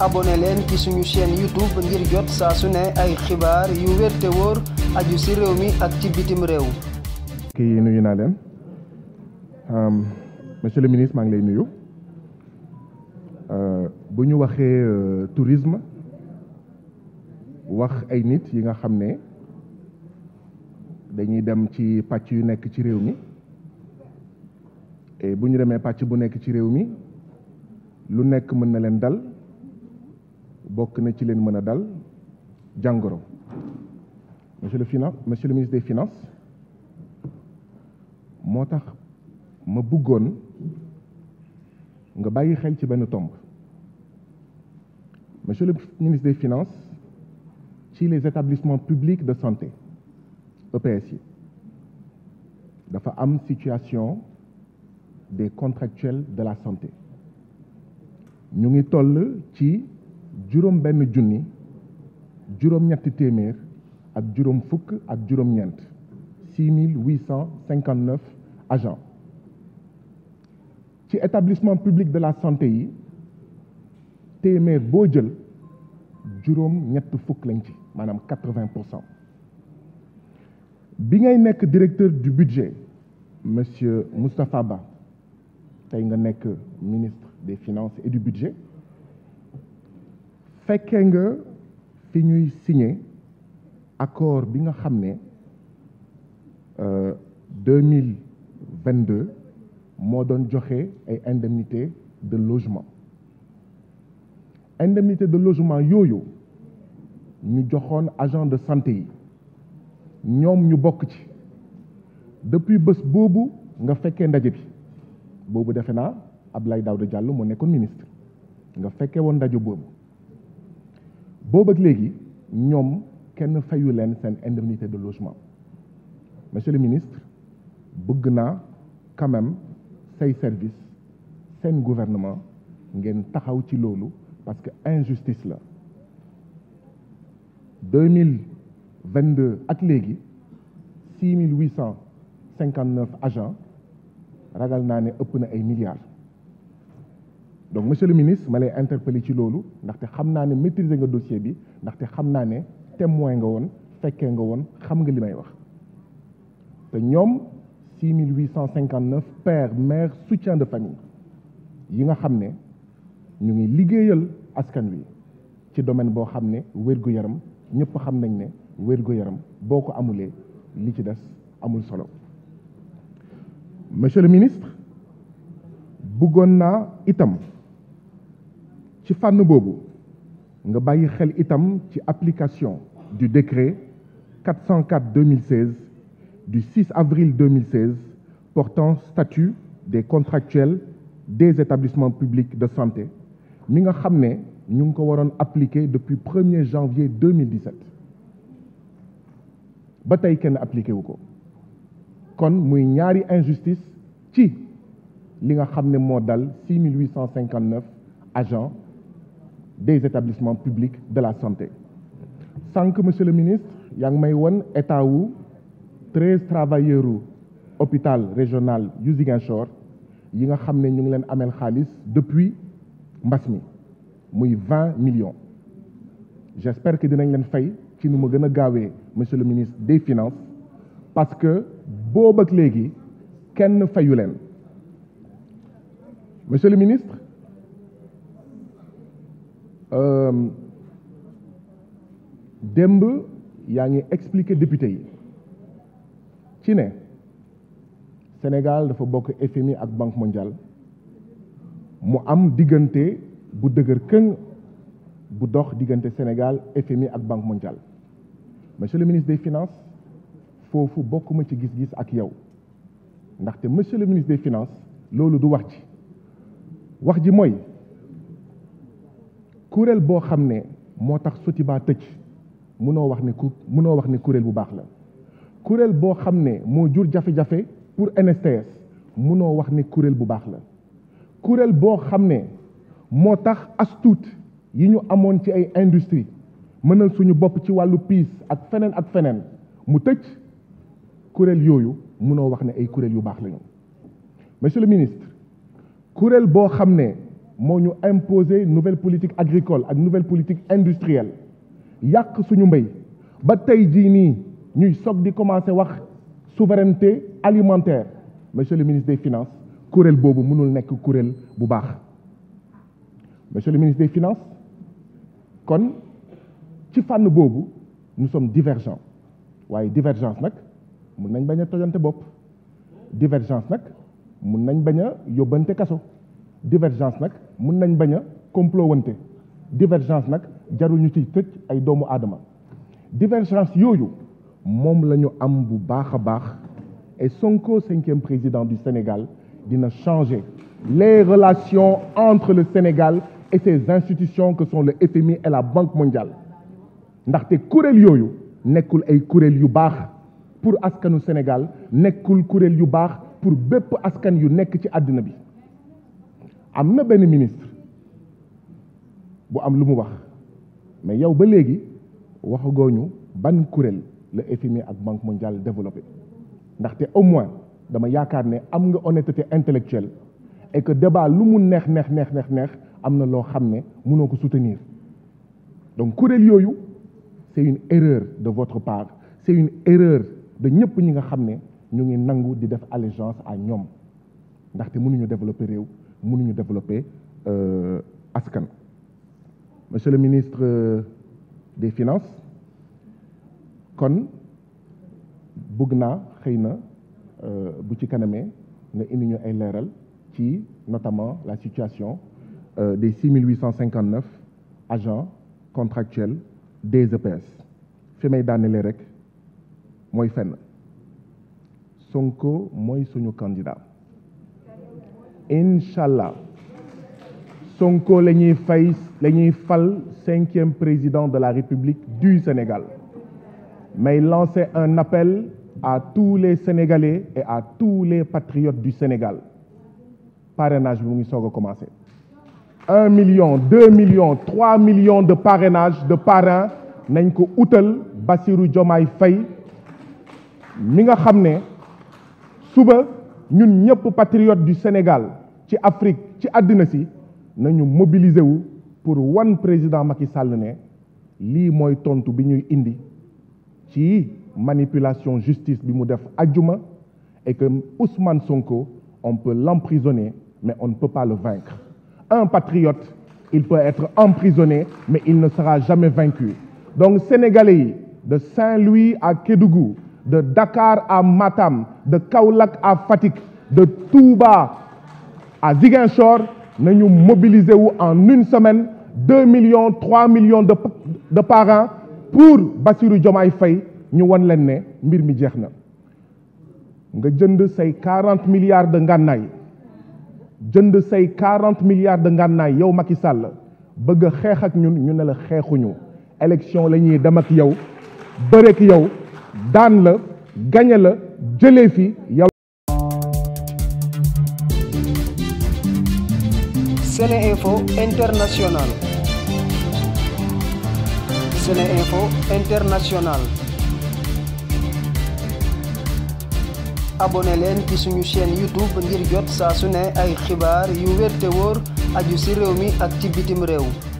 abonné leen ci suñu chaîne YouTube ngir jot saa su ne ay xibaar yu wér te wóor aju ci réew mi ak ci bitim réew. kii nuyu naa leen monsieur le ministre maa ngi lay nuyu euh, bu ñu waxee euh, tourisme wax ay nit yi nga xam ne dañuy dem ci pàcc yu nekk ci réew mi et bu ñu demee pàcc bu nekk ci réew mi lu nekk mën na leen dal. bokk na ci leen mën a dal jàngoro monsieur le finance monsieur le ministre des finances moo tax ma bëggoon nga bàyyi xel ci benn tomb monsieur le ministre des finances ci les établissements publics de santé EPS yi dafa am situation des contractuels de la santé ñu ngi toll ci juróom benn junni juróom ñetti téeméer ak juróom fukk ak juróom ñeent six mille huit cent cinquante neuf ci établissement public de la santé yi téeméer boo jël juróom ñett fukk lañ ci maanaam quatre vingt pour cent bi ngay nekk directeur du budget monsieur Moustapha Ba tey nga nekk ministre des finances et du budget fekkee nga fi ñuy signe accord bi nga xam ne euh, deux mille vingt deux moo doon joxe ay indemité de logement indemité de logement yooyu ñu joxoon agent de santé yi ñoom ñu bokk ci depuis bés boobu nga fekkee ndaje bi boobu defe naa lay daaw Daouda jàll moo nekkoon ministre nga fekkee woon ndaje boobu boobu ak léegi ñoom kenn fayu leen seen indemnité de logement monsieur le ministre bëgg naa quand même say service seen gouvernement ngeen taxaw ci loolu parce que injustice la deux mille vingt deux ak léegi six mille huit cent cinquante neuf agents ragal naa ne ëpp na ay milliards donc monsieur le ministre ma lay interpeller ci loolu ndaxte xam naa ne maîtriser nga dossier bi ndaxte xam naa ne témoin nga woon fekkee nga woon xam nga li may wax te ñoom 6859 pères mères soutien de famille yi nga xam ne ñu ngi liggéeyal askan wi ci domaine boo xam ne wér-gu-yaram ñëpp xam nañ ne wér-gu-yaram boo ko amulee li ci des amul solo monsieur le ministre bëggoon naa itam ci fànn boobu nga bàyyi xel itam ci application du décret 404 2016 du 6 avril 2016 portant statut des contractuels des établissements publics de santé mi nga xam ne ñu ngi ko waroon appliquer depuis 1er janvier 2017 ba tey kenn appliqué wu ko kon muy ñaari injustice ci li nga xam ne moo dal 6859 agents des établissements publics de la santé sànq monsieur le ministre yaa ngi may won état wu treize travailleurs u hôpital régional yu Ziguinchor yi nga xam ne ñu ngi leen ameel xaalis depuis mbas mi muy vingt millions j'espère que dinañ leen fay ci nu ma gën a gaawee monsieur le ministre des finances parce que boobu ak léegi kenn fayu leen monsieur le ministre Euh, démb yaa ngi expliquer député yi ci ne Sénégal dafa bokk FMI ak Banque mondiale mu am diggante bu dëgër këng bu dox diggante Sénégal FMI ak Banque mondiale monsieur le ministre des finances foofu bokkuma ci gis-gis ak yow ndaxte monsieur le ministre des finances loolu du wax ji wax ji mooy. kuréel boo xam ne moo tax Sotiba tëj munoo wax ne ku munoo wax ne kuréel bu baax la kuréel boo xam ne moo jur jafe-jafe pour NSTS mënoo wax ni kuréel bu baax la kuréel boo xam ne moo tax astuut yi ñu amoon ci ay industrie mënal suñu bopp ci wàllu piis ak feneen ak feneen mu tëj kuréel yooyu mënoo wax ne ay kuréel yu baax lañu monsieur ministre kuréel boo xam ne moo ñu imposer nouvelle politique agricole ak nouvelle politique industrielle yàq suñu mbéy ba tey jii nii ñuy soog di commencer wax souveraineté alimentaire monsieur le ministre des finances kuréel boobu mënul nekk kuréel bu baax monsieur le ministre des finances kon ci fànn boobu ñu sommes divergents waaye divergence nag mun nañ bañ a tojante bopp divergence nag mun nañ bañ a yóbbante kaso divergence nag mun nañ bañ a complot wante divergence nag jarul ñu ciy tëj ay doomu aadama divergence yooyu moom la ñu am bu baax a baax et Sonko cinquième président du Sénégal dina changer les relations entre le Sénégal et ses institutions que sont le FMI et la Banque mondiale ndaxte kuréel yooyu nekkul ay kuréel yu baax pour askanu Sénégal nekkul kuréel yu baax pour bépp askan yu nekk ci àddina bi am na benn ministre bu am lu mu wax mais yow ba léegi waxagoo ñu ban kuréel la FMI ak banque mondiale développé ndaxte au moins dama yaakaar ne am nga honnêteté intellectuelle et que débat lu mu neex neex neex neex neex am na loo xam ne munoo ko soutenir donc kuréel yooyu c'est une erreur de votre part c'est une erreur de ñëpp ñi nga xam ne ñu ngi nangu di def allégeance à ñoom ndaxte mënuñu développer réew mënuñu développer euh, askan. monsieur le ministre euh, des finances kon bëgg naa xëy na euh, bu ci kanamee nga indi ñu ay leeral ci notamment la situation des 6859 agents contractuels des EPS fi may daanelee rek mooy fenn Sonko mooy suñu candidat incha allah Sonko la ñuy fay la ñuy fal cinquième président de la République du Sénégal mais lancer un appel à tous les Sénégalais et à tous les patriotes du Sénégal parenage bi mu ngi soog a commencé un million deux millions trois millions de parrainage de parrain nañ ko utal basiru Diomaye fay mi nga xam ne suba ñun ñëpp patriote du Sénégal ci Afrique ci àddina si nañu mobiliser wu pour wan président Macky Sall ne lii mooy tontu bi ñuy indi ci manipulation justice bi mu def ajjuma et que Ousmane Sonko on peut l'emprisonner mais on ne peut pas le vaincre un patriote il peut être emprisonné mais il ne sera jamais vaincu donc sénégalais yi de Saint-Louis à Kédougou de Dakar à Matam, de Kaulak à Fatik, de Touba à Ziguinchor, nous mobilisons en une semaine 2 millions, 3 millions de, de parents pour Bassirou Diomaye Faye ñu won leen ne mbir mi jeex na nga jënd say 40 milliards de ngànnaay jënd say 40 milliards de ngànnaay yow Macky Sall bëgg a xeex ak ñun ñu ne la xeexuñu élection la ñuy dem ak yow bëreek yow daan la gañe la jëlee fi yow. Sene Info International. Sene leen ci suñu chaîne YouTube ngir jot saa su ne ay xibaar yu wér te wóor aju ci réew mi ak ci bitim réew.